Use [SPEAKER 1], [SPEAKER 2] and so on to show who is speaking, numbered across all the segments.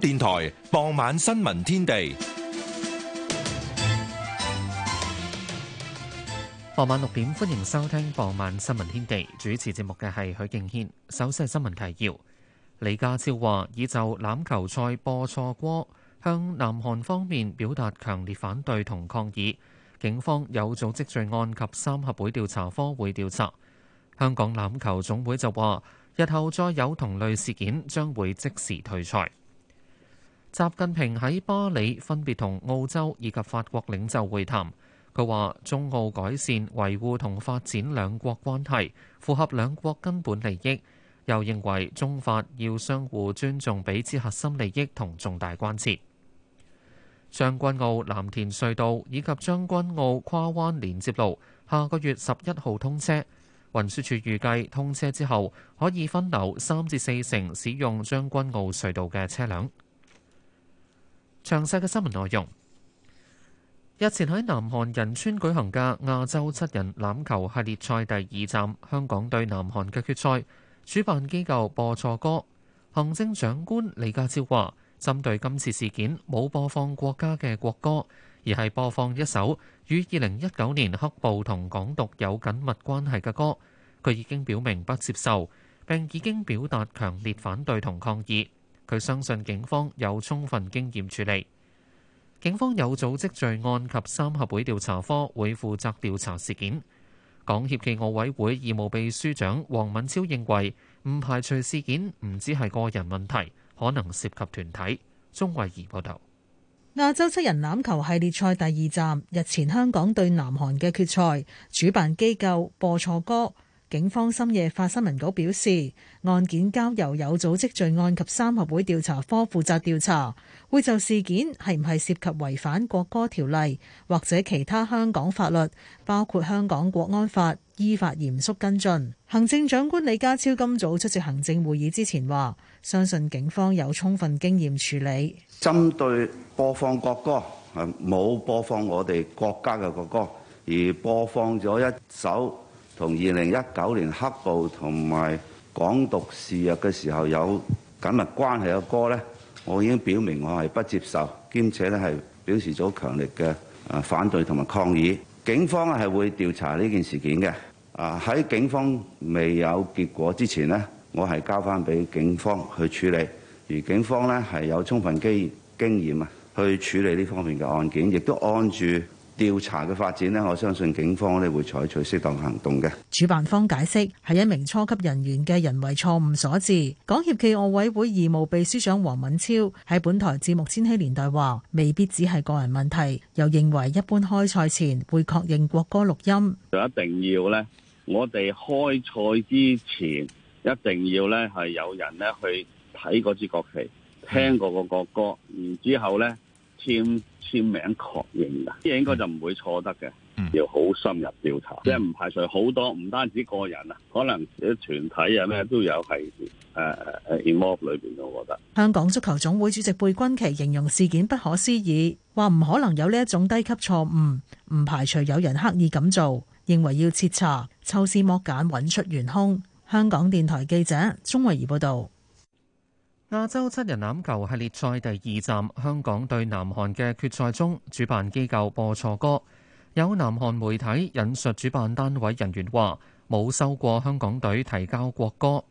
[SPEAKER 1] 電台傍晚新聞天地，
[SPEAKER 2] 傍晚六點歡迎收聽《傍晚新聞天地》。主持節目嘅係許敬軒。首先係新聞提要：李家超話，已就欖球賽播錯歌向南韓方面表達強烈反對同抗議。警方有組織罪案及三合會調查科會調查。香港欖球總會就話，日後再有同類事件，將會即時退賽。習近平喺巴黎分別同澳洲以及法國領袖會談，佢話中澳改善、維護同發展兩國關係，符合兩國根本利益。又認為中法要相互尊重彼此核心利益同重大關切。將軍澳藍田隧道以及將軍澳跨灣連接路下個月十一號通車，運輸署預計通車之後可以分流三至四成使用將軍澳隧道嘅車輛。詳細嘅新聞內容，日前喺南韓仁川舉行嘅亞洲七人欖球系列賽第二站，香港對南韓嘅決賽，主辦機構播錯歌。行政長官李家超話：針對今次事件，冇播放國家嘅國歌，而係播放一首與二零一九年黑暴同港獨有緊密關係嘅歌。佢已經表明不接受，並已經表達強烈反對同抗議。佢相信警方有充分經驗處理，警方有組織罪案及三合會調查科會負責調查事件。港協暨奧委會義務秘書長黃敏超認為，唔排除事件唔只係個人問題，可能涉及團體。鍾慧儀報道，
[SPEAKER 3] 亞洲七人欖球系列賽第二站日前香港對南韓嘅決賽，主辦機構播錯歌。警方深夜發新聞稿表示，案件交由有組織罪案及三合會調查科負責調查，會就事件係唔係涉及違反國歌條例或者其他香港法律，包括香港國安法，依法嚴肅跟進。行政長官李家超今早出席行政會議之前話，相信警方有充分經驗處理。
[SPEAKER 4] 針對播放國歌，冇播放我哋國家嘅國歌，而播放咗一首同2019年黑暴同埋港獨肆虐嘅時候有緊密關係嘅歌呢，我已經表明我係不接受兼且，呢係表示咗強烈嘅反對同埋抗議。警方係會調查呢件事件嘅啊，喺警方未有結果之前呢，我係交返俾警方去處理而警方呢，係有充分經經驗啊，去處理呢方面嘅案件，亦都按住調查嘅發展呢，我相信警方呢會採取適當行動嘅。
[SPEAKER 3] 主辦方解釋係一名初級人員嘅人為錯誤所致。港協暨奧委會義務秘書長黃敏超喺本台節目千禧年代話，未必只係個人問題，又認為一般開賽前會確認國歌錄音。
[SPEAKER 4] 就一定要呢，我哋開賽之前一定要呢，係有人呢去睇嗰支國旗，聽嗰個國歌，然之後呢，簽 簽名確認嘅，啲嘢應該就唔會錯得嘅，要好深入調查，即係唔排除好多，唔單止個人啊，可能啲團體啊咩都有係誒誒 involve 裏邊嘅，我覺得。
[SPEAKER 3] 香港足球總會主席貝君奇形容事件不可思議，話唔可能有呢一種低級錯誤，唔排除有人刻意咁做，認為要徹查，抽絲剝繭揾出元兇。香港電台記者鍾慧儀報道。
[SPEAKER 2] 亞洲七人欖球系列賽第二站，香港對南韓嘅決賽中，主辦機構播錯歌。有南韓媒體引述主辦單位人員話，冇收過香港隊提交國歌。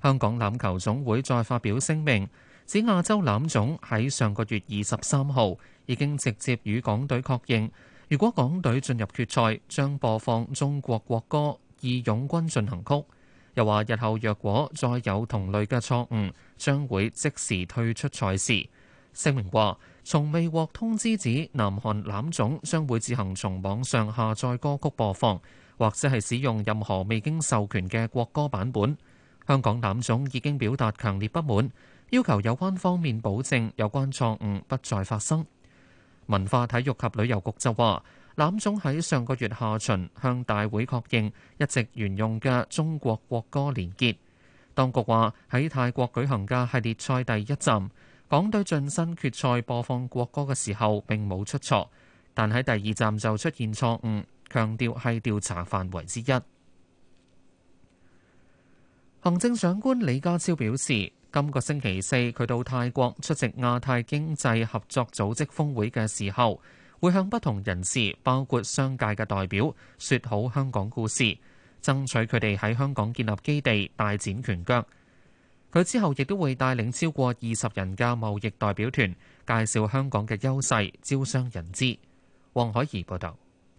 [SPEAKER 2] 香港欖球總會再發表聲明，指亞洲欖總喺上個月二十三號已經直接與港隊確認，如果港隊進入決賽，將播放中國國歌《義勇軍進行曲》。又話：日後若果再有同類嘅錯誤，將會即時退出賽事。聲明話：從未獲通知指南韓欖總將會自行從網上下載歌曲播放，或者係使用任何未經授權嘅國歌版本。香港欖總已經表達強烈不滿，要求有關方面保證有關錯誤不再發生。文化體育及旅遊局就話：欖總喺上個月下旬向大會確認一直沿用嘅中國國歌連結。當局話喺泰國舉行嘅系列賽第一站，港隊晉身決賽播放國歌嘅時候並冇出錯，但喺第二站就出現錯誤，強調係調查範圍之一。行政長官李家超表示，今個星期四佢到泰國出席亞太經濟合作組織峰會嘅時候，會向不同人士，包括商界嘅代表，説好香港故事，爭取佢哋喺香港建立基地，大展拳腳。佢之後亦都會帶領超過二十人嘅貿易代表團，介紹香港嘅優勢，招商引資。黃海怡報道。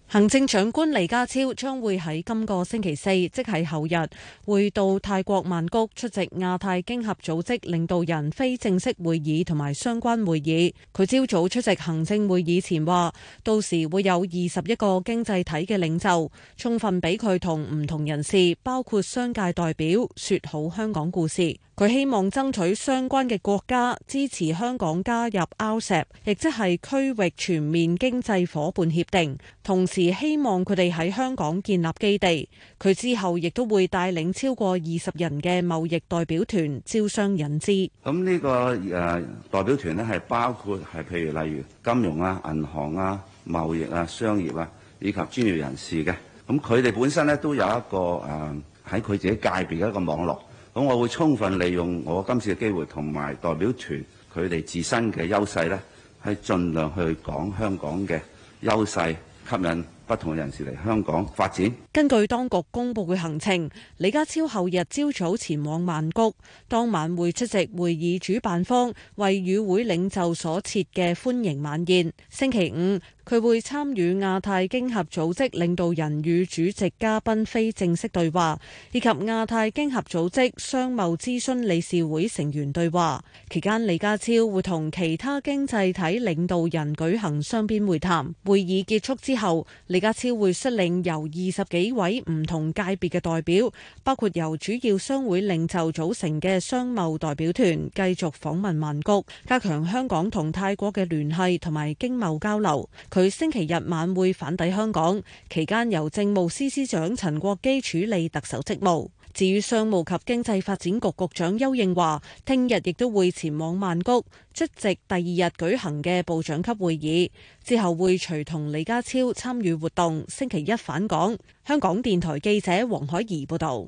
[SPEAKER 5] 行政長官李家超將會喺今個星期四，即係後日，會到泰國曼谷出席亞太經合組織領導人非正式會議同埋相關會議。佢朝早出席行政會議前話，到時會有二十一個經濟體嘅領袖，充分俾佢同唔同人士，包括商界代表，說好香港故事。佢希望爭取相關嘅國家支持香港加入 RCEP 亦即係區域全面經濟夥伴協定。同時希望佢哋喺香港建立基地。佢之後亦都會帶領超過二十人嘅貿易代表團招商引資。
[SPEAKER 4] 咁呢、呢個誒、呃、代表團咧，係包括係譬如例如金融啊、銀行啊、貿易啊、商業啊，以及專業人士嘅。咁佢哋本身呢，都有一個誒喺佢自己界別嘅一個網絡。咁我會充分利用我今次嘅機會，同埋代表團佢哋自身嘅優勢呢，係盡量去講香港嘅優勢，吸引不同人士嚟香港發展。
[SPEAKER 5] 根據當局公布嘅行程，李家超後日朝早前往曼谷，當晚會出席會議主辦方為與會領袖所設嘅歡迎晚宴。星期五。佢會參與亞太經合組織領導人與主席嘉賓非正式對話，以及亞太經合組織商貿諮詢理事會成員對話。期間，李家超會同其他經濟體領導人舉行雙邊會談。會議結束之後，李家超會率領由二十幾位唔同界別嘅代表，包括由主要商會領袖組成嘅商貿代表團，繼續訪問曼谷，加強香港同泰國嘅聯繫同埋經貿交流。佢星期日晚會返抵香港，期間由政務司司長陳國基處理特首職務。至於商務及經濟發展局局長邱應華聽日亦都會前往曼谷出席第二日舉行嘅部長級會議，之後會隨同李家超參與活動，星期一返港。香港電台記者黃海怡報道。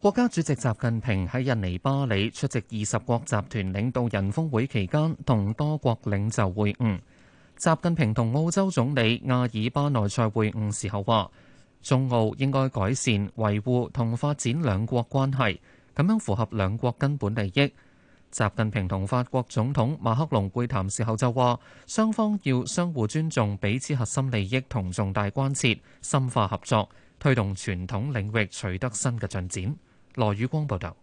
[SPEAKER 2] 國家主席習近平喺印尼巴里出席二十國集團領導人峰會期間同多國領袖會晤。習近平同澳洲總理阿爾巴內塞會晤時候話，中澳應該改善、維護同發展兩國關係，咁樣符合兩國根本利益。習近平同法國總統馬克龍會談時候就話，雙方要相互尊重彼此核心利益同重大關切，深化合作，推動傳統領域取得新嘅進展。羅宇光報道。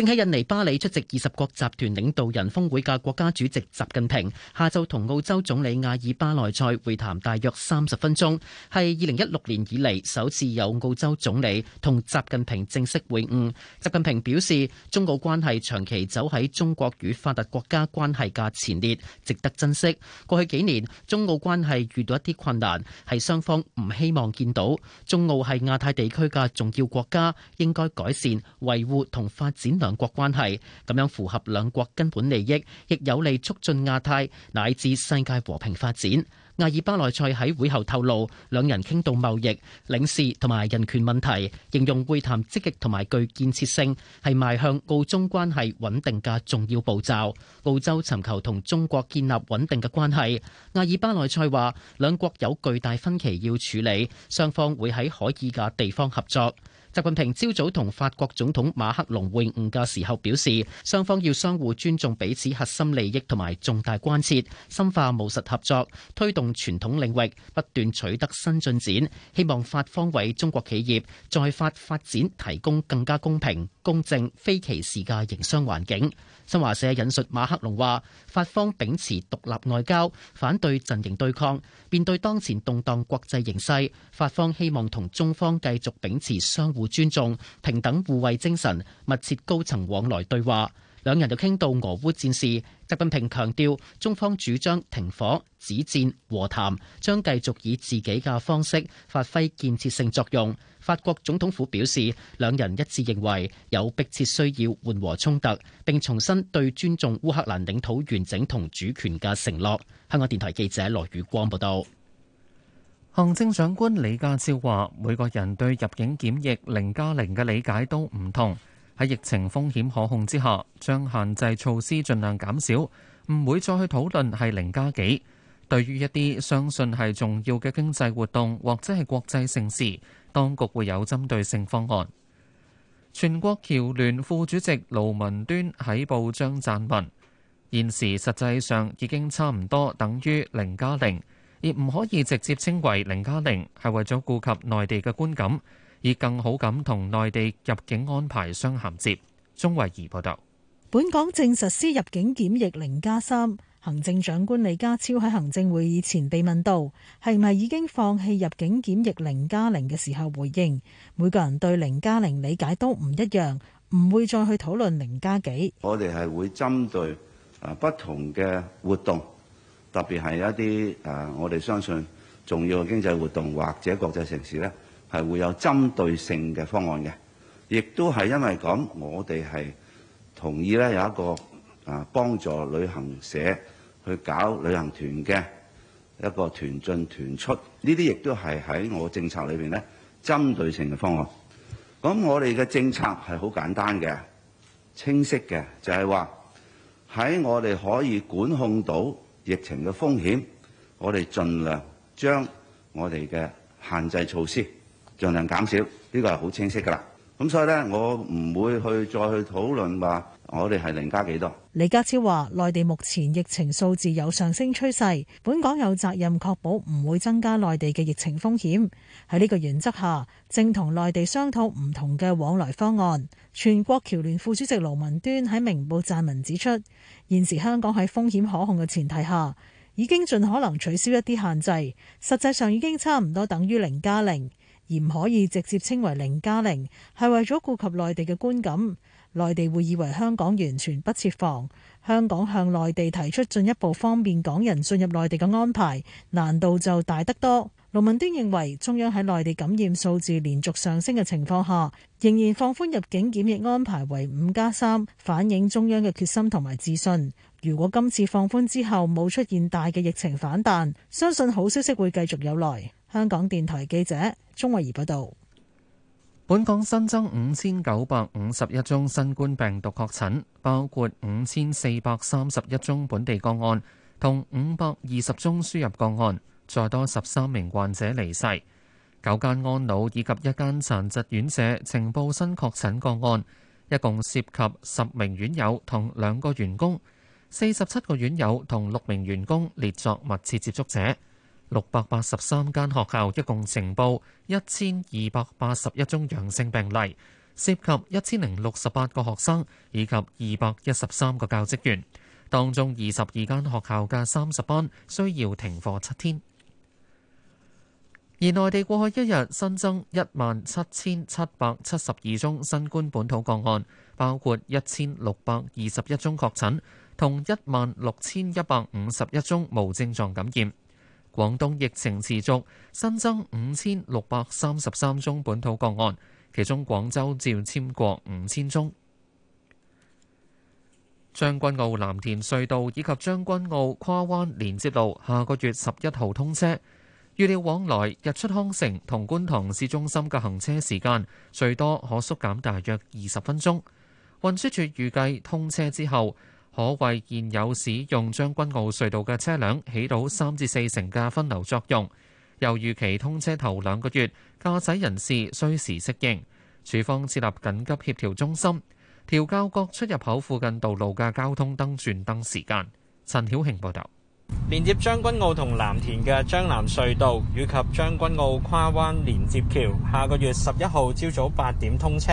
[SPEAKER 6] 正喺印尼巴里出席二十國集團領導人峰會嘅國家主席習近平，下晝同澳洲總理阿爾巴內塞會談大約三十分鐘，係二零一六年以嚟，首次有澳洲總理同習近平正式會晤。習近平表示，中澳關係長期走喺中國與發達國家關係嘅前列，值得珍惜。過去幾年，中澳關係遇到一啲困難，係雙方唔希望見到。中澳係亞太地區嘅重要國家，應該改善、維護同發展兩。兩國關係咁樣符合兩國根本利益，亦有利促進亞太乃至世界和平發展。阿爾巴內塞喺會後透露，兩人傾到貿易、領事同埋人權問題，形容會談積極同埋具建設性，係邁向澳中關係穩定嘅重要步驟。澳洲尋求同中國建立穩定嘅關係。阿爾巴內塞話，兩國有巨大分歧要處理，雙方會喺可以嘅地方合作。習近平朝早同法國總統馬克龍會晤嘅時候表示，雙方要相互尊重彼此核心利益同埋重大關切，深化務實合作，推動傳統領域不斷取得新進展，希望法方為中國企業在法發展提供更加公平，公正、非歧視嘅營商環境。新華社引述馬克龍話，法方秉持獨立外交，反對陣營對抗，面對當前動蕩國際形勢，法方希望同中方繼續秉持相互尊重、平等互惠精神，密切高層往來對話。兩人就傾到俄烏戰事，習近平強調中方主張停火、止戰、和談，將繼續以自己嘅方式發揮建設性作用。法國總統府表示，兩人一致認為有迫切需要緩和衝突，並重申對尊重烏克蘭領土完整同主權嘅承諾。香港電台記者羅宇光報道。
[SPEAKER 2] 行政長官李家超話：每個人對入境檢疫零加零嘅理解都唔同。喺疫情風險可控之下，將限制措施盡量減少，唔會再去討論係零加幾。對於一啲相信係重要嘅經濟活動，或者係國際盛事，當局會有針對性方案。全國僑聯副主席盧文端喺報章撰文，現時實際上已經差唔多等於零加零，亦唔可以直接稱為零加零，係為咗顧及內地嘅觀感。以更好咁同內地入境安排相銜接。鍾慧儀報導，
[SPEAKER 3] 本港正實施入境檢疫零加三。行政長官李家超喺行政會議前被問到，係咪已經放棄入境檢疫零加零嘅時候，回應每個人對零加零理解都唔一樣，唔會再去討論零加幾。
[SPEAKER 4] 我哋係會針對不同嘅活動，特別係一啲啊我哋相信重要嘅經濟活動或者國際城市咧，係會有針對性嘅方案嘅，亦都係因為咁，我哋係同意咧有一個啊幫助旅行社去搞旅行團嘅一個團進團出。呢啲亦都係喺我政策裏邊咧，針對性嘅方案。咁我哋嘅政策係好簡單嘅、清晰嘅，就係話喺我哋可以管控到疫情嘅風險，我哋盡量將我哋嘅限制措施，盡量減少呢個係好清晰噶啦。咁所以咧，我唔會去再去討論話我哋係零加幾多。
[SPEAKER 3] 李家超話內地目前疫情數字有上升趨勢，本港有責任確保唔會增加內地嘅疫情風險，喺呢個原則下，正同內地商討唔同嘅往來方案。全國僑聯副主席盧文端喺明報撰文指出，現時香港喺風險可控嘅前提下，已經盡可能取消一啲限制，實際上已經差唔多等於零加零。0, 而唔可以直接稱為零加零，係為咗顧及內地嘅觀感，內地會以為香港完全不設防。香港向內地提出進一步方便港人進入內地嘅安排，難度就大得多。盧文端認為，中央喺內地感染數字連續上升嘅情況下，仍然放寬入境檢疫安排為五加三，反映中央嘅決心同埋自信。如果今次放寬之後冇出現大嘅疫情反彈，相信好消息會繼續有來。香港電台記者鐘慧儀報道，
[SPEAKER 2] 本港新增五千九百五十一宗新冠病毒確診，包括五千四百三十一宗本地個案同五百二十宗輸入個案，再多十三名患者離世。九間安老以及一間殘疾院舍呈報新確診個案，一共涉及十名院友同兩個員工，四十七個院友同六名員工列作密切接觸者。六百八十三間學校，一共呈報一千二百八十一宗陽性病例，涉及一千零六十八個學生以及二百一十三個教職員。當中二十二間學校嘅三十班需要停課七天。而內地過去一日新增一萬七千七百七十二宗新冠本土個案，包括一千六百二十一宗確診，同一萬六千一百五十一宗無症狀感染。廣東疫情持續，新增五千六百三十三宗本土個案，其中廣州佔超過五千宗。將軍澳藍田隧道以及將軍澳跨灣連接路下個月十一號通車，預料往來日出康城同觀塘市中心嘅行車時間最多可縮減大約二十分鐘。運輸署預計通車之後，可為現有使用將軍澳隧道嘅車輛起到三至四成嘅分流作用，又預期通車頭兩個月，駕駛人士需時適應。署方設立緊急協調中心，調校各出入口附近道路嘅交通燈轉燈時間。陳曉慶報道：
[SPEAKER 1] 「連接將軍澳同藍田嘅將藍隧道以及將軍澳跨灣連接橋，下個月十一號朝早八點通車。」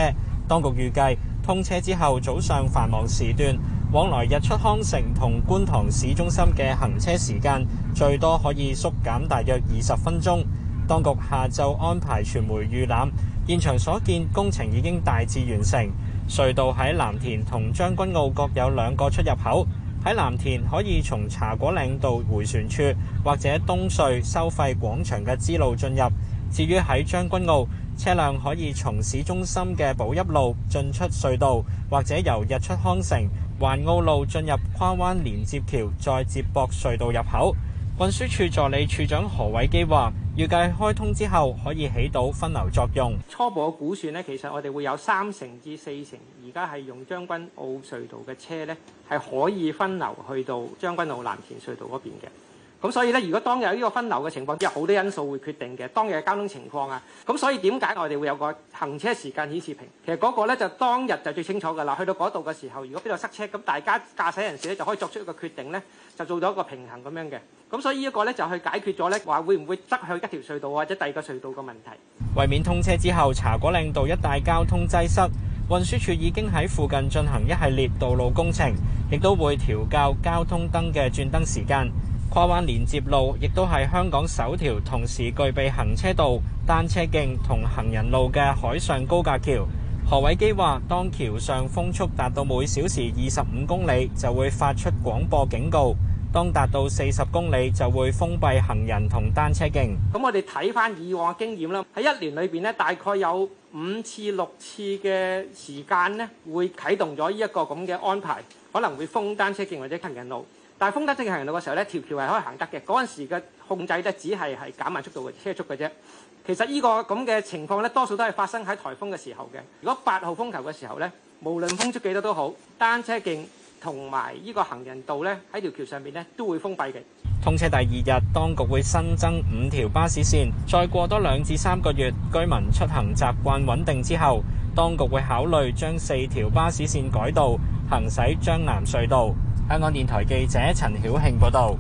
[SPEAKER 1] 當局預計通車之後，早上繁忙時段往來日出康城同觀塘市中心嘅行車時間最多可以縮減大約二十分鐘。當局下晝安排傳媒預覽，現場所見工程已經大致完成。隧道喺藍田同將軍澳各有兩個出入口，喺藍田可以從茶果嶺道迴旋處或者東隧收費廣場嘅支路進入。至於喺將軍澳，車輛可以從市中心嘅寶邑路進出隧道，或者由日出康城環澳路進入跨灣連接橋，再接駁隧道入口。運輸署助理處長何偉基話，預計開通之後可以起到分流作用。
[SPEAKER 7] 初步估算呢，其實我哋會有三成至四成，而家係用將軍澳隧道嘅車呢，係可以分流去到將軍澳藍田隧道嗰邊嘅。咁所以咧，如果當日有呢個分流嘅情況，有好多因素會決定嘅當日嘅交通情況啊。咁所以點解我哋會有個行車時間顯示屏？其實嗰個咧就當日就最清楚㗎啦。去到嗰度嘅時候，如果邊度塞車，咁大家駕駛人士咧就可以作出一個決定咧，就做到一個平衡咁樣嘅。咁所以呢一個咧就去解決咗咧話會唔會擠向一條隧道或者第二個隧道嘅問題。
[SPEAKER 1] 為免通車之後茶果嶺道一帶交通擠塞，運輸署已經喺附近進行一系列道路工程，亦都會調校交通燈嘅轉燈時間。跨灣連接路亦都係香港首條同時具備行車道、單車徑同行人路嘅海上高架橋。何偉基話，當橋上風速達到每小時二十五公里，就會發出廣播警告；當達到四十公里，就會封閉行人同單車徑。
[SPEAKER 7] 咁我哋睇返以往嘅經驗啦，喺一年裏邊咧，大概有五次六次嘅時間咧，會啟動咗呢一個咁嘅安排，可能會封單車徑或者行人路。但係風得正常行人道嘅時候咧，條橋係可以行得嘅。嗰陣時嘅控制咧，只係係減慢速度嘅車速嘅啫。其實依個咁嘅情況咧，多數都係發生喺颱風嘅時候嘅。如果八號風球嘅時候咧，無論風速幾多都好，單車徑同埋依個行人道咧，喺條橋上面咧都會封閉嘅。
[SPEAKER 1] 通車第二日，當局會新增五條巴士線，再過多兩至三個月，居民出行習慣穩定之後，當局會考慮將四條巴士線改道行駛將藍隧道。香港電台記者陳曉慶報道：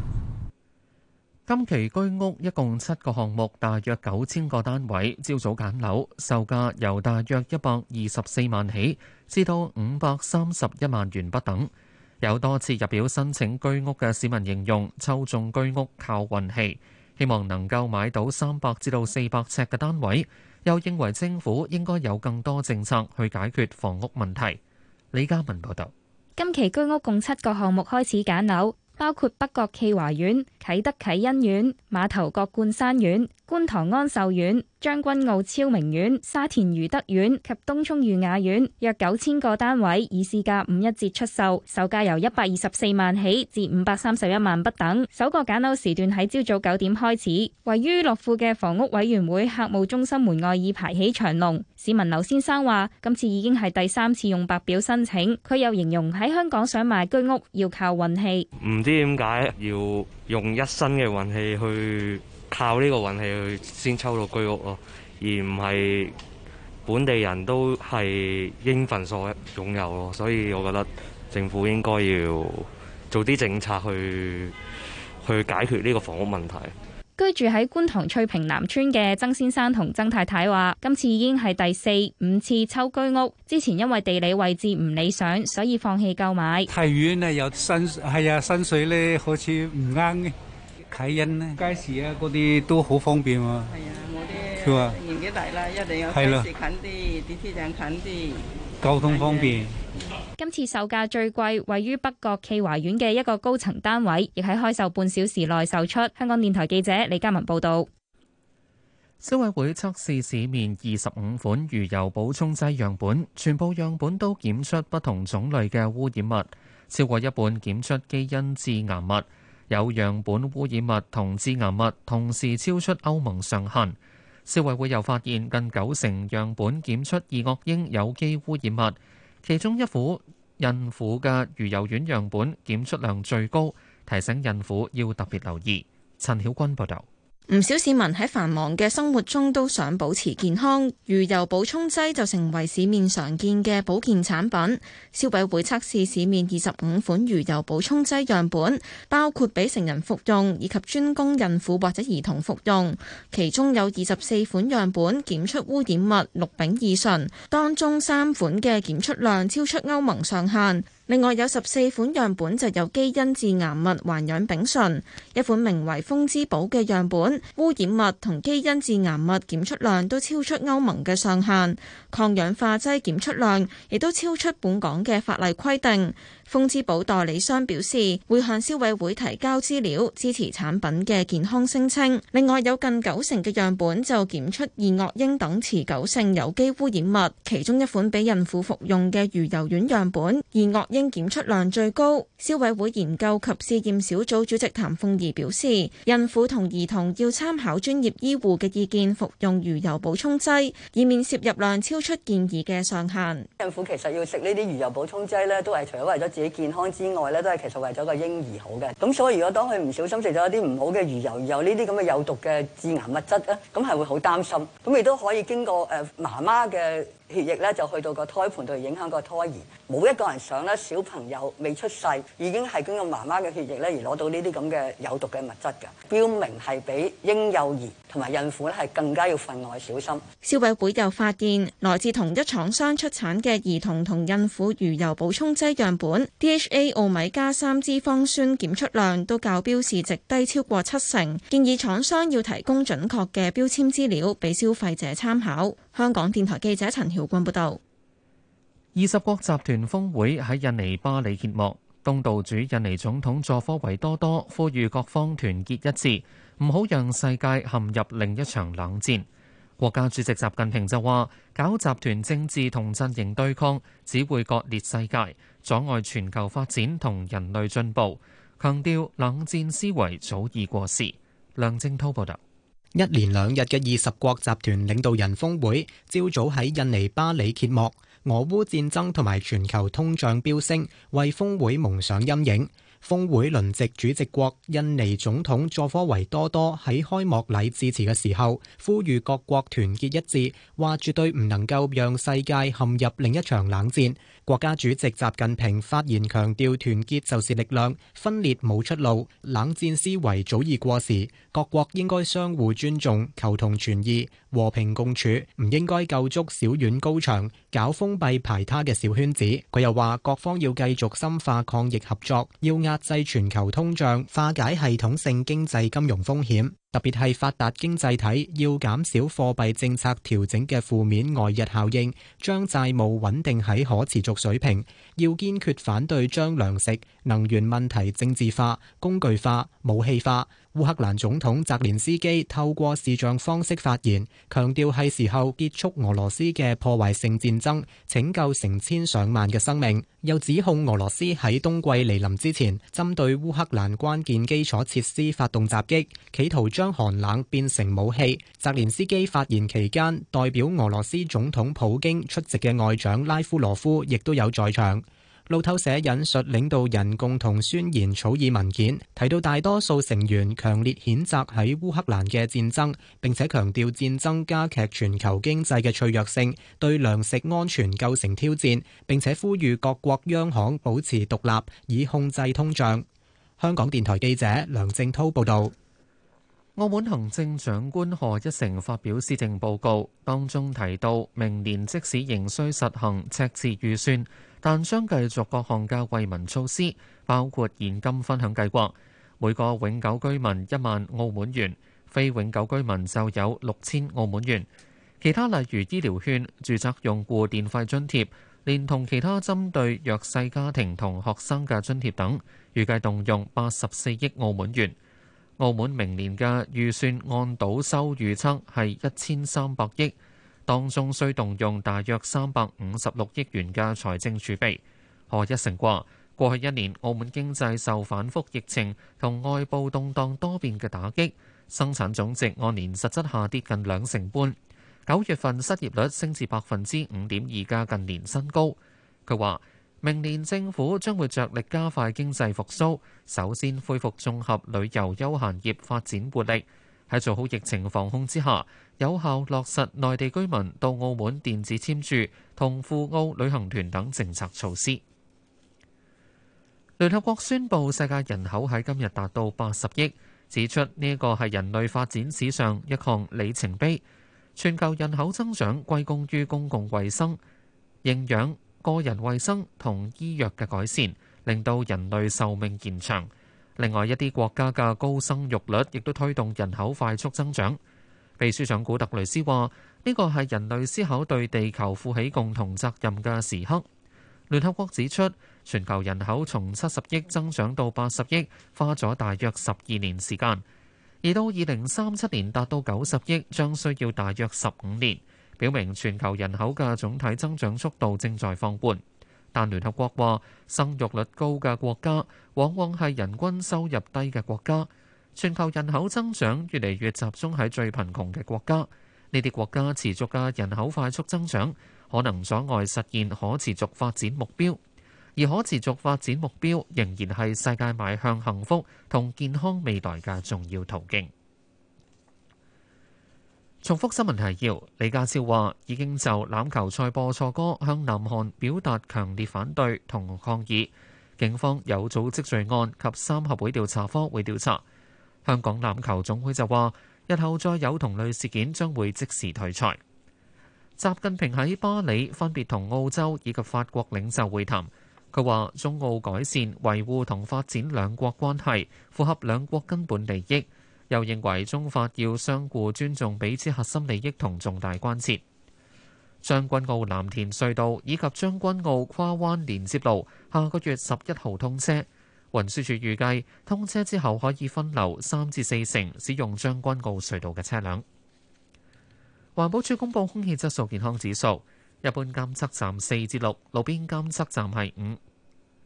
[SPEAKER 2] 今期居屋一共七個項目，大約九千個單位。朝早揀樓，售價由大約一百二十四萬起，至到五百三十一萬元不等。有多次入表申請居屋嘅市民形容抽中居屋靠運氣，希望能夠買到三百至到四百尺嘅單位，又認為政府應該有更多政策去解決房屋問題。李嘉文報道。
[SPEAKER 8] 今期居屋共七個項目開始揀樓，包括北角驥華苑。啟德啟欣苑、馬頭角冠山苑、觀塘安秀苑、將軍澳超明苑、沙田裕德苑及東涌裕雅苑，約九千個單位以市價五一折出售，售價由一百二十四萬起至五百三十一萬不等。首個揀樓時段喺朝早九點開始，位於樂富嘅房屋委員會客務中心門外已排起長龍。市民劉先生話：今次已經係第三次用白表申請，佢又形容喺香港想買居屋要靠運氣，
[SPEAKER 2] 唔知點解要用。一身嘅運氣去靠呢個運氣去先抽到居屋咯，而唔係本地人都係應份所擁有咯，所以我覺得政府應該要做啲政策去去解決呢個房屋問題。
[SPEAKER 8] 居住喺觀塘翠屏南村嘅曾先生同曾太太話：今次已經係第四五次抽居屋，之前因為地理位置唔理想，所以放棄購買。太
[SPEAKER 4] 遠啊，有薪係啊，薪水咧好似唔啱睇因咧，街市啊，嗰啲都好方便喎。係啊，我啲年紀大啦，一定要近啲，地鐵站近啲，交通方便。
[SPEAKER 8] 今次售價最貴，位於北角驥華苑嘅一個高層單位，亦喺開售半小時內售出。香港電台記者李嘉文報道。消委
[SPEAKER 2] 會測試市面二十五款魚油補充劑樣本，全部樣本都檢出不同種類嘅污染物，超過一半檢出基因致癌物。有樣本污染物同致癌物同時超出歐盟上限，消委會又發現近九成樣本檢出二惡英有機污染物，其中一款孕婦嘅魚油丸樣本檢出量最高，提醒孕婦要特別留意。陳曉君報道。
[SPEAKER 9] 唔少市民喺繁忙嘅生活中都想保持健康，魚油補充劑就成為市面常見嘅保健產品。消委會測試市面二十五款魚油補充劑樣本，包括俾成人服用以及專供孕婦或者兒童服用，其中有二十四款樣本檢出污染物氯丙二醇，當中三款嘅檢出量超出歐盟上限。另外有十四款樣本就有基因致癌物環氧丙醇，一款名為風之寶嘅樣本，污染物同基因致癌物檢出量都超出歐盟嘅上限，抗氧化劑檢出量亦都超出本港嘅法例規定。豐之寶代理商表示會向消委會提交資料支持產品嘅健康聲稱。另外有近九成嘅樣本就檢出二惡英等持久性有機污染物，其中一款俾孕婦服用嘅魚油丸樣本，二惡英檢出量最高。消委會研究及試驗小組主席譚鳳儀表示，孕婦同兒童要參考專業醫護嘅意見服用魚油補充劑，以免攝入量超出建議嘅上限。
[SPEAKER 1] 孕婦其實要食呢啲魚油補充劑咧，都係除咗為咗自己健康之外咧，都係其實為咗個嬰兒好嘅。咁所以如果當佢唔小心食咗一啲唔好嘅魚油，魚油呢啲咁嘅有毒嘅致癌物質咧，咁係會好擔心。咁亦都可以經過誒媽媽嘅。呃媽媽血液咧就去到個胎盤度影響個胎兒。冇一個人想咧小朋友未出世已經係經過媽媽嘅血液咧而攞到呢啲咁嘅有毒嘅物質㗎，標明係比嬰幼兒同埋孕婦咧係更加要分外小心。
[SPEAKER 9] 消委會又發現來自同一廠商出產嘅兒童同孕婦魚油補充劑樣本 DHA 奧米加三脂肪酸檢出量都較標示值低超過七成，建議廠商要提供準確嘅標籤資料俾消費者參考。香港電台記者陳曉君報道：
[SPEAKER 2] 二十國集團峰會喺印尼巴厘揭幕，東道主印尼總統佐科維多多呼籲各方團結一致，唔好讓世界陷入另一場冷戰。國家主席習近平就話：搞集團政治同陣營對抗只會割裂世界，阻礙全球發展同人類進步。強調冷戰思維
[SPEAKER 10] 早已過時。梁正濤報道。一連兩日嘅二十國集團領導人峰會，朝早喺印尼巴里揭幕。俄烏戰爭同埋全球通脹飆升，為峰會蒙上陰影。峰會輪值主席國印尼總統佐科維多多喺開幕禮致辭嘅時候，呼籲各國團結一致，話絕對唔能夠讓世界陷入另一場冷戰。國家主席習近平發言強調：團結就是力量，分裂冇出路。冷戰思維早已過時，各國應該相互尊重、求同存異、和平共處，唔應該構築小院高牆、搞封閉排他嘅小圈子。佢又話：各方要繼續深化抗疫合作，要壓制全球通脹，化解系統性經濟金融風險，特別係發達經濟體要減少貨幣政策調整嘅負面外溢效應，將債務穩定喺可持續水平，要堅決反對將糧食、能源問題政治化、工具化、武器化。烏克蘭總統澤連斯基透過視像方式發言，強調係時候結束俄羅斯嘅破壞性戰爭，拯救成千上萬嘅生命。又指控俄羅斯喺冬季嚟臨之前，針對烏克蘭關鍵基礎設施發動襲擊，企圖將寒冷變成武器。澤連斯基發言期間，代表俄羅斯總統普京出席嘅外長拉夫羅夫亦都有在場。路透社引述領導人共同宣言草擬文件，提到大多數成員強烈譴責喺烏克蘭嘅戰爭，並且強調戰爭加劇全球經濟嘅脆弱性，對糧食安全構成挑戰。並且呼籲各國央行保持獨立，以控制通脹。香港電台記者梁正滔報導。澳門行政長官賀一誠發表施政報告，
[SPEAKER 2] 當中提到明年即使仍需實行赤字預算，但將繼續各項嘅惠民措施，包括現金分享計劃，每個永久居民一萬澳門元，非永久居民就有六千澳門元。其他例如醫療券、住宅用戶電費津貼，連同其他針對弱勢家庭同學生嘅津貼等，預計動用八十四億澳門元。澳門明年嘅預算按賭收預測係一千三百億。當中需動用大約三百五十六億元嘅財政儲備。何一成話：過去一年，澳門經濟受反覆疫情同外部動盪多變嘅打擊，生產總值按年實質下跌近兩成半。九月份失業率升至百分之五點二嘅近年新高。佢話：明年政府將會着力加快經濟復甦，首先恢復綜合旅遊休閒業發展活力。喺做好疫情防控之下，有效落實內地居民到澳門電子簽注同赴澳旅行團等政策措施。聯合國宣布世界人口喺今日達到八十億，指出呢個係人類發展史上一項里程碑。全球人口增長歸功於公共衛生、營養、個人衛生同醫藥嘅改善，令到人類壽命延長。另外一啲國家嘅高生育率亦都推動人口快速增長。秘書長古特雷斯話：呢個係人類思考對地球負起共同責任嘅時刻。聯合國指出，全球人口從七十億增長到八十億，花咗大約十二年時間；而到二零三七年達到九十億，將需要大約十五年，表明全球人口嘅總體增長速度正在放緩。但聯合國話，生育率高嘅國家，往往係人均收入低嘅國家，全球人口增長越嚟越集中喺最貧窮嘅國家。呢啲國家持續嘅人口快速增長，可能阻礙實現可持續發展目標。而可持續發展目標仍然係世界邁向幸福同健康未來嘅重要途徑。重複新聞提要，李家超話已經就欖球賽播錯歌，向南韓表達強烈反對同抗議。警方有組織罪案及三合會調查科會調查。香港籃球總會就話：日後再有同類事件，將會即時退賽。習近平喺巴黎分別同澳洲以及法國領袖會談，佢話中澳改善、維護同發展兩國關係，符合兩國根本利益。又認為中法要相互尊重彼此核心利益同重大關切。將軍澳藍田隧道以及將軍澳跨灣連接路下個月十一號通車。運輸署預計通車之後可以分流三至四成使用將軍澳隧道嘅車輛。環保署公布空氣質素健康指數，一般監測站四至六，路邊監測站係五，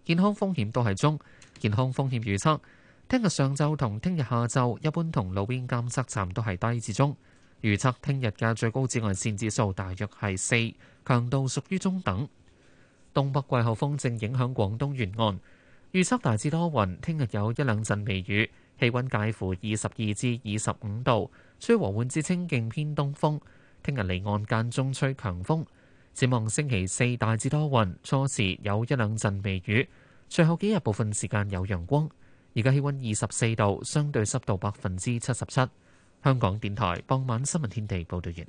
[SPEAKER 2] 健康風險都係中。健康風險預測，聽日上晝同聽日下晝一般同路邊監測站都係低至中。預測聽日嘅最高紫外線指數大約係四，強度屬於中等。東北季候風正影響廣東沿岸，預測大致多雲，聽日有一兩陣微雨，氣温介乎二十二至二十五度，吹和緩至清勁偏東風。聽日離岸間中吹強風。展望星期四大致多雲，初時有一兩陣微雨，最後幾日部分時間有陽光。而家氣温二十四度，相對濕度百分之七十七。香港電台傍晚新聞天地報道完。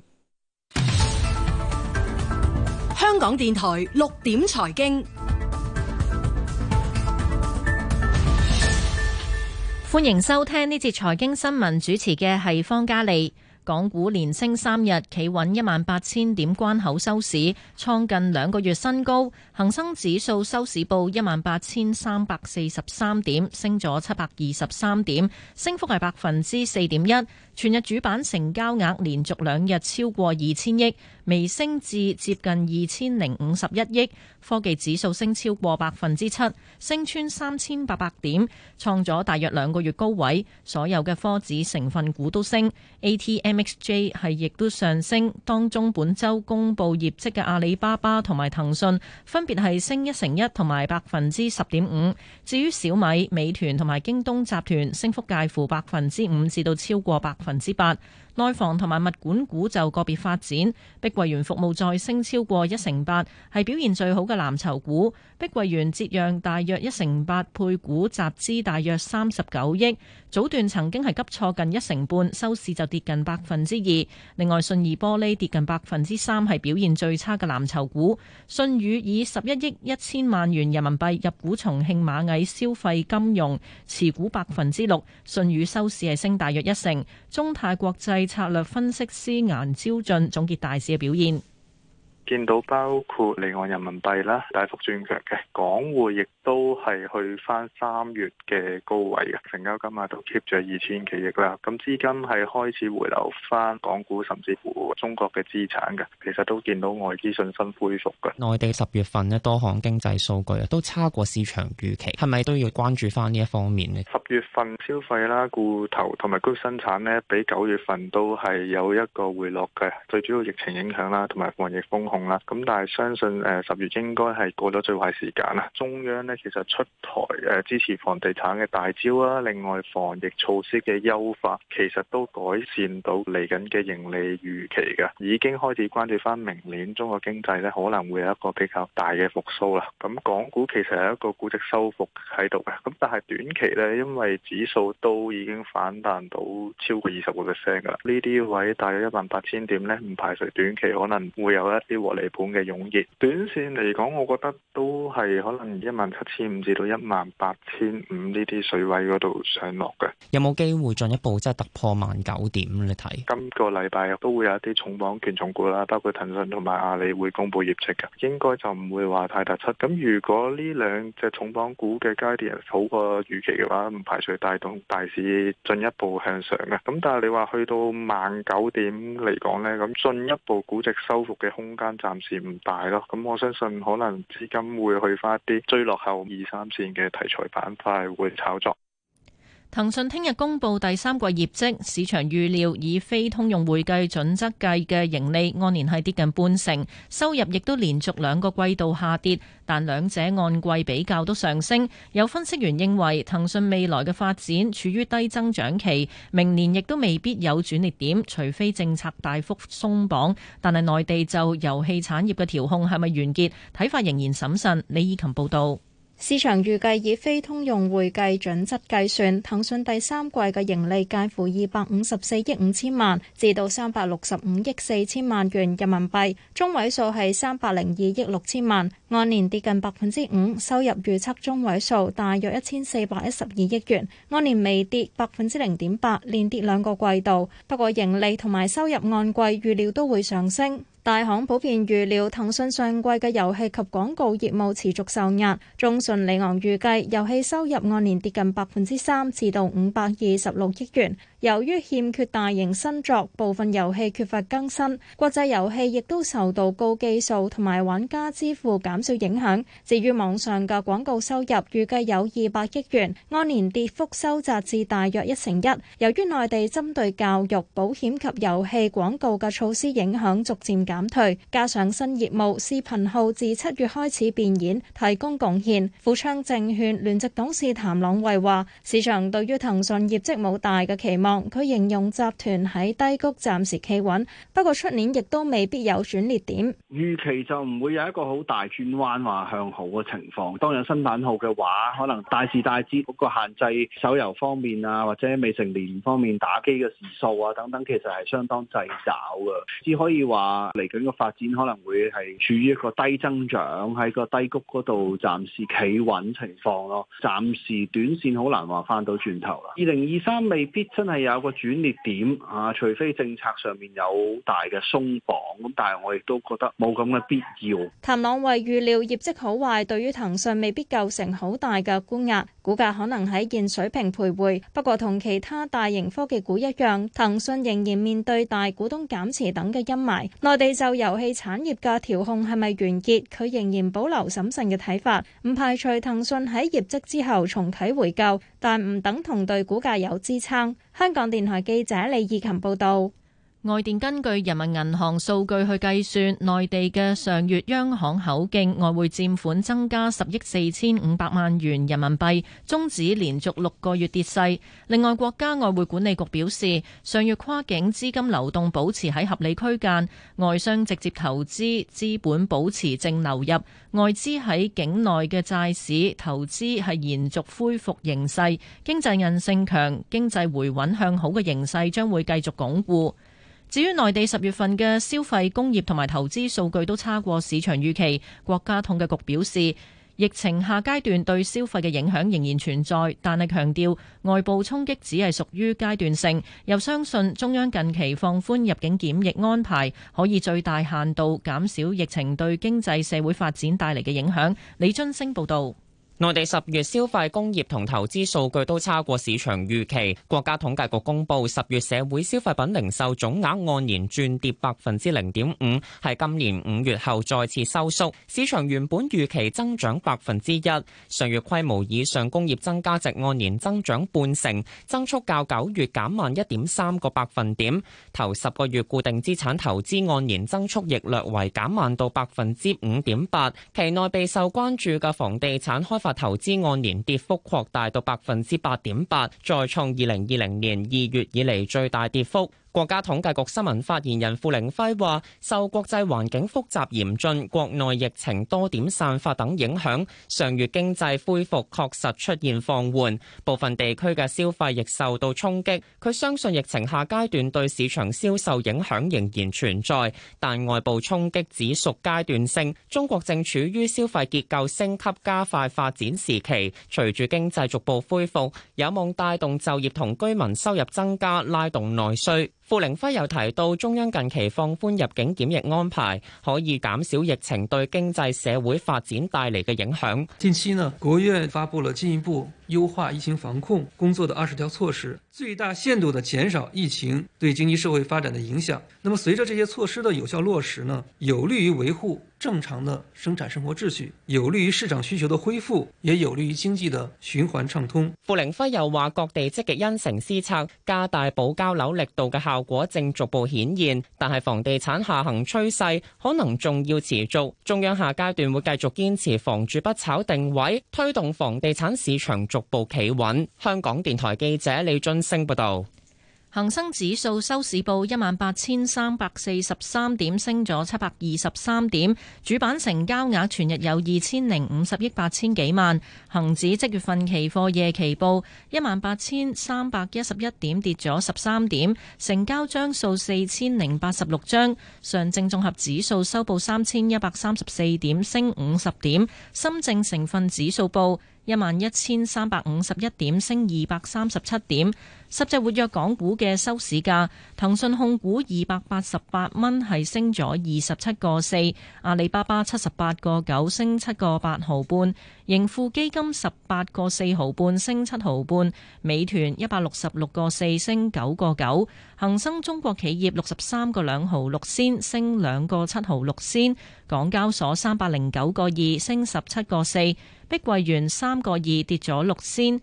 [SPEAKER 11] 香港電台六點財經，歡迎收聽呢節財經新聞，主持嘅係方嘉利。港股連升三日，企穩一萬八千點關口收市，創近兩個月新高。恒生指數收市報一萬八千三百四十三點，升咗七百二十三點，升幅係百分之四點一。全日主板成交額連續兩日超過二千億。微升至接近二千零五十一億，科技指數升超過百分之七，升穿三千八百點，創咗大約兩個月高位。所有嘅科指成分股都升，ATMXJ 係亦都上升。當中本週公布業績嘅阿里巴巴同埋騰訊分別係升一成一同埋百分之十點五。至於小米、美團同埋京東集團，升幅介乎百分之五至到超過百分之八。內房同埋物管股就個別發展，碧桂園服務再升超過一成八，係表現最好嘅藍籌股。碧桂園折讓大約一成八，配股集資大約三十九億。早段曾經係急挫近一成半，收市就跌近百分之二。另外，信義玻璃跌近百分之三，係表現最差嘅藍籌股。舜宇以十一億一千萬元人民幣入股重慶螞蟻消費金融，持股百分之六。舜宇收市係升大約一成。中泰國際策略分析師顏朝俊總結大市嘅表現。
[SPEAKER 12] 見到包括離岸人民幣啦，大幅轉弱嘅港匯亦都係去翻三月嘅高位嘅，成交金額都 keep 住二千幾億啦，咁資金係開始回流翻港股甚至乎中國嘅資產嘅，其實都見到外資信心恢復嘅。
[SPEAKER 13] 內地十月份咧，多項經濟數據啊都差過市場預期，係咪都要關注翻呢一方面咧？
[SPEAKER 12] 十月份消費啦、固投同埋固生產咧，比九月份都係有一個回落嘅，最主要疫情影響啦同埋防疫封。咁但係相信誒十月應該係過咗最壞時間啦。中央咧其實出台誒、呃、支持房地產嘅大招啦，另外防疫措施嘅優化，其實都改善到嚟緊嘅盈利預期嘅，已經開始關注翻明年中國經濟咧可能會有一個比較大嘅復甦啦。咁港股其實係一個估值修復喺度嘅，咁但係短期咧，因為指數都已經反彈到超過二十個 percent 噶啦，呢啲位大約一萬八千點咧，唔排除短期可能會有一啲獲利盤嘅湧現，短線嚟講，我覺得都係可能一萬七千五至到一萬八千五呢啲水位嗰度上落嘅。
[SPEAKER 13] 有冇機會進一步即係突破萬九點？你睇
[SPEAKER 12] 今個禮拜都會有一啲重磅權重股啦，包括騰訊同埋阿里會公布業績嘅，應該就唔會話太突出。咁如果呢兩隻重磅股嘅階段好過預期嘅話，唔排除帶動大市進一步向上嘅。咁但係你話去到萬九點嚟講咧，咁進一步估值收復嘅空間。暫時唔大咯，咁我相信可能資金會去翻一啲追落後二三線嘅題材板塊會炒作。
[SPEAKER 11] 騰訊聽日公布第三季業績，市場預料以非通用會計準則計嘅盈利按年係跌近半成，收入亦都連續兩個季度下跌，但兩者按季比較都上升。有分析員認為，騰訊未來嘅發展處於低增長期，明年亦都未必有轉捩點，除非政策大幅鬆綁。但係內地就遊戲產業嘅調控係咪完結，睇法仍然審慎。李以琴報道。
[SPEAKER 14] 市場預計以非通用會計準則計算，騰訊第三季嘅盈利介乎二百五十四億五千萬至到三百六十五億四千萬元人民幣，中位數係三百零二億六千萬，按年跌近百分之五。收入預測中位數大約一千四百一十二億元，按年微跌百分之零點八，連跌兩個季度。不過盈利同埋收入按季預料都會上升。大行普遍預料，騰訊上季嘅遊戲及廣告業務持續受壓。中信里昂預計，遊戲收入按年跌近百分之三，至到五百二十六億元。由於欠缺大型新作，部分遊戲缺乏更新，國際遊戲亦都受到高技術同埋玩家支付減少影響。至於網上嘅廣告收入，預計有二百億元，按年跌幅收窄至大約一成一。由於內地針對教育、保險及遊戲廣告嘅措施影響逐漸減退，加上新業務視頻號自七月開始變現提供貢獻，富昌證券聯席董事譚朗蔚話：市場對於騰訊業績冇大嘅期望。佢形容集團喺低谷暫時企穩，不過出年亦都未必有
[SPEAKER 12] 轉捩點。預期就唔會有一個好大轉彎話向好嘅情況。當有新版號嘅話，可能大是大非嗰個限制手遊方面啊，或者未成年方面打機嘅時數啊等等，其實係相當掣肘嘅。只可以話嚟緊個發展可能會係處於一個低增長喺個低谷嗰度暫時企穩情況咯。暫時短線好難話返到轉頭啦。二零二三未必真係，有個轉捩點啊，除非政策上面有大嘅鬆綁，咁但係我亦都覺得冇咁嘅必要。
[SPEAKER 14] 譚朗維預料業績好壞，對於騰訊未必構成好大嘅沽壓，股價可能喺現水平徘徊。不過同其他大型科技股一樣，騰訊仍然面對大股東減持等嘅陰霾。內地就遊戲產業嘅調控係咪完結？佢仍然保留審慎嘅睇法，唔排除騰訊喺業績之後重啓回購。但唔等同對股價有支撐，香港電台記者李義琴報道。外電根據人民銀行數據去計
[SPEAKER 11] 算，內地嘅上月央行口徑外匯佔款增加十億四千五百萬元人民幣，終止連續六個月跌勢。另外，國家外匯管理局表示，上月跨境資金流動保持喺合理區間，外商直接投資資本保持正流入，外資喺境內嘅債市投資係延續恢復形勢，經濟韌性強，經濟回穩向好嘅形勢將會繼續鞏固。至於內地十月份嘅消費、工業同埋投資數據都差過市場預期，國家統計局表示，疫情下階段對消費嘅影響仍然存在，但係強調外部衝擊只係屬於階段性，又相信中央近期放寬入境檢疫安排，可以最大限度減少疫情對經濟社會發展帶嚟嘅影響。李津升報導。
[SPEAKER 13] 內地十月消費、工業同投資數據都差過市場預期。國家統計局公布，十月社會消費品零售總額按年轉跌百分之零點五，係今年五月後再次收縮。市場原本預期增長百分之一。上月規模以上工業增加值按年增長半成，增速較九月減慢一點三個百分點。頭十個月固定資產投資按年增速亦略為減慢到百分之五點八。期內備受關注嘅房地產開發。投資按年跌幅擴大到百分之八點八，再創二零二零年二月以嚟最大跌幅。國家統計局新聞發言人傅凌輝話，受國際環境複雜嚴峻、國內疫情多點散發等影響，上月經濟恢復確實出現放緩，部分地區嘅消費亦受到衝擊。佢相信疫情下階段對市場銷售影響仍然存在，但外部衝擊只屬階段性。中國正處於消費結構升級加快發展時期，隨住經濟逐步恢復，有望帶動就業同居民收入增加，拉動內需。傅凌輝又提到，中央近期放寬入境檢疫安排，可以減少疫情對經濟社會發展帶嚟嘅影響。近期呢，
[SPEAKER 7] 國務院發佈了進一步優化疫情防控工作的二十條措施。最大限度地減少疫情對經濟社會發展的影響。那麼，隨着這些措施的有效落實呢，有利於維護正常的生產生活秩序，有利於市場需求的恢復，也有利於經濟的循環暢通。
[SPEAKER 13] 傅凌輝又話，各地積極因城施策，加大保交樓力度嘅效果正逐步顯現，但係房地產下行趨勢可能仲要持續。中央下階段會繼續堅持房住不炒定位，推動房地產市場逐步企穩。香港電台記者李俊。升報
[SPEAKER 11] 恒生指數收市報一萬八千三百四十三點，升咗七百二十三點。主板成交額全日有二千零五十億八千幾萬。恒指即月份期貨夜期報一萬八千三百一十一點，跌咗十三點，成交張數四千零八十六張。上證綜合指數收報三千一百三十四點，升五十點。深證成分指數報。一萬一千三百五十一點升二百三十七點，十隻活躍港股嘅收市價，騰訊控股二百八十八蚊係升咗二十七個四，阿里巴巴七十八個九升七個八毫半，盈富基金十八個四毫半升七毫半，美團一百六十六個四升九個九，恒生中國企業六十三個兩毫六仙升兩個七毫六仙，港交所三百零九個二升十七個四。碧桂園三個二跌咗六仙，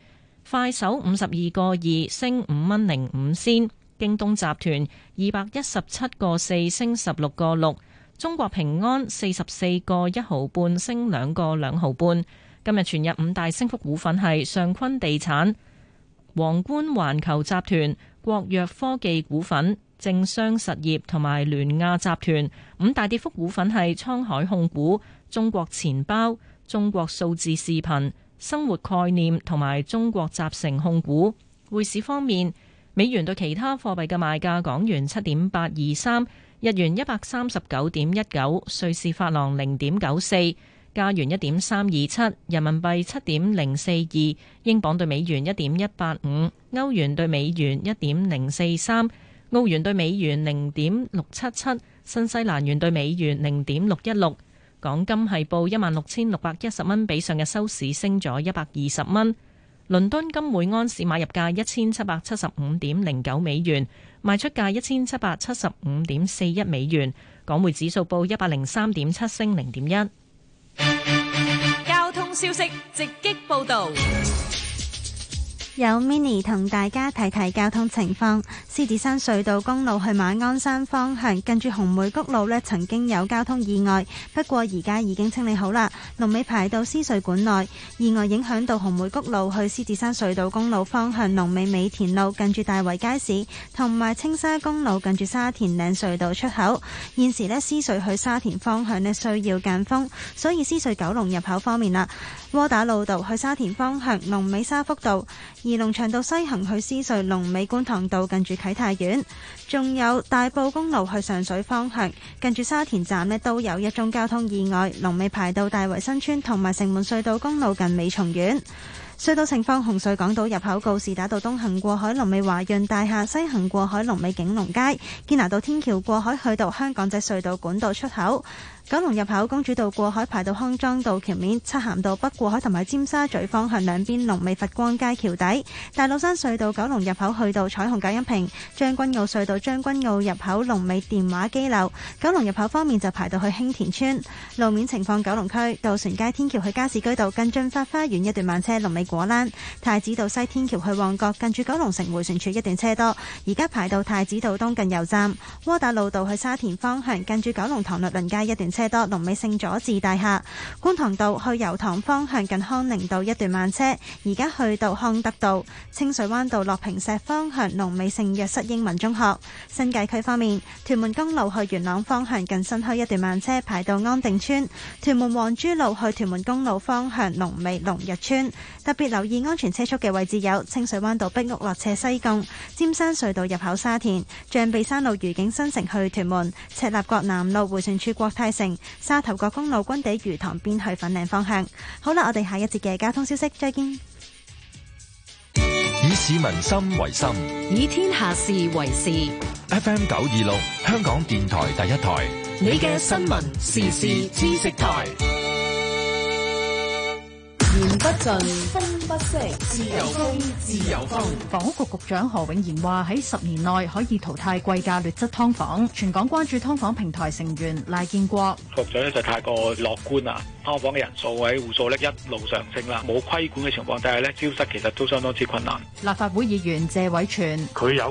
[SPEAKER 11] 快手五十二個二升五蚊零五仙，京東集團二百一十七個四升十六個六，中國平安四十四個一毫半升兩個兩毫半。今日全日五大升幅股份係上坤地產、皇冠環球集團、國藥科技股份、正商實業同埋聯亞集團。五大跌幅股份係滄海控股、中國錢包。中國數字視頻、生活概念同埋中國集成控股。匯市方面，美元對其他貨幣嘅賣價：港元七點八二三，日元一百三十九點一九，瑞士法郎零點九四，加元一點三二七，人民幣七點零四二，英鎊對美元一點一八五，歐元對美元一點零四三，澳元對美元零點六七七，新西蘭元對美元零點六一六。港金係報一萬六千六百一十蚊，比上日收市升咗一百二十蚊。倫敦金每安士買入價一千七百七十五點零九美元，賣出價一千七百七十五點四一美元。港匯指數報一百零三點七，升零點一。
[SPEAKER 8] 交通消息直
[SPEAKER 11] 擊報道。有 mini 同大家睇睇交通情
[SPEAKER 15] 況。獅子山隧道公路去馬鞍山方向，近住紅梅谷路咧，曾經有交通意外，不過而家已經清理好啦。龍尾排到獅隧管內，意外影響到紅梅谷路去獅子山隧道公路方向，龍尾美，美田路近住大圍街市，同埋青沙公路近住沙田嶺隧道出口。現時咧，獅隧去沙田方向咧，需要間封，所以獅隧九龍入口方面啦，窩打老道去沙田方向，龍尾沙福道。而龍翔道西行去獅隧龍尾觀塘道，近住啟泰苑；仲有大埔公路去上水方向，近住沙田站呢，都有一宗交通意外。龍尾排到大圍新村同埋城門隧道公路近美松苑隧道情況。紅隧港島入口告士打道東行過海龍尾華潤大廈，西行過海龍尾景隆街，堅拿道天橋過海去到香港仔隧道管道出口。九龍入口公主道過海排到康莊道橋面、漆咸道北過海同埋尖沙咀方向兩邊龍尾佛光街橋底、大老山隧道九龍入口去到彩虹隔音屏、將軍澳隧道將軍澳入口龍尾電話機樓、九龍入口方面就排到去興田村路面情況，九龍區渡船街天橋去加士居道近駿發花園一段慢車龍尾果欄、太子道西天橋去旺角近住九龍城回旋處一段車多，而家排到太子道東近油站、窩打老道去沙田方向近住九龍塘律倫街一段車，車多，龍尾聖佐治大廈，觀塘道去油塘方向近康寧道一段慢車，而家去到康德道，清水灣道落坪石方向龍尾聖約瑟英文中學。新界區方面，屯門公路去元朗方向近新墟一段慢車排到安定村，屯門黃珠路去屯門公路方向龍尾龍日村。 特別留意安全車速嘅位置有清水灣道碧屋，落斜西貢、尖山隧道入口沙田、象鼻山路愉景新城去屯門、赤鱲角南路回旋處國泰城、沙頭角公路軍地魚塘邊去粉嶺方向。好啦，我哋下一節嘅交通消息再見。
[SPEAKER 1] 以市民心為心，
[SPEAKER 15] 以天
[SPEAKER 2] 下事為事。
[SPEAKER 12] F M 九二六，香港電台第一台，
[SPEAKER 2] 你嘅
[SPEAKER 11] 新聞時事知識台。源不盡，風
[SPEAKER 8] 不息，自由飛，自由飛。
[SPEAKER 11] 房屋局局長何永賢話：喺十年內可以淘汰貴價劣質劏房。全港關注劏房平台成員賴建國，
[SPEAKER 1] 局長咧就太過樂觀啦。劏房嘅人數喺戶數咧一路上升啦，
[SPEAKER 15] 冇規管嘅情況下呢，但係咧招失其實都相當之困難。
[SPEAKER 11] 立法會議員謝偉銓，佢
[SPEAKER 15] 有。